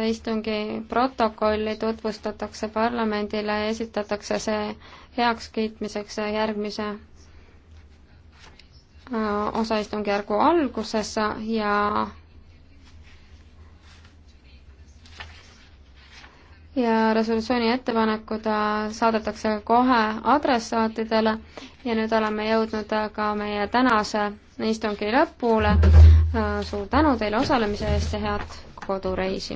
istungi protokolli tutvustatakse parlamendile ja esitatakse see heakskiitmiseks järgmise äh, osa istungjärgu alguses ja ja resolutsiooni ettepanekud äh, saadetakse kohe adressaatidele ja nüüd oleme jõudnud äh, ka meie tänase istungi lõpule. suur tänu teile osalemise eest ja head kodureisi.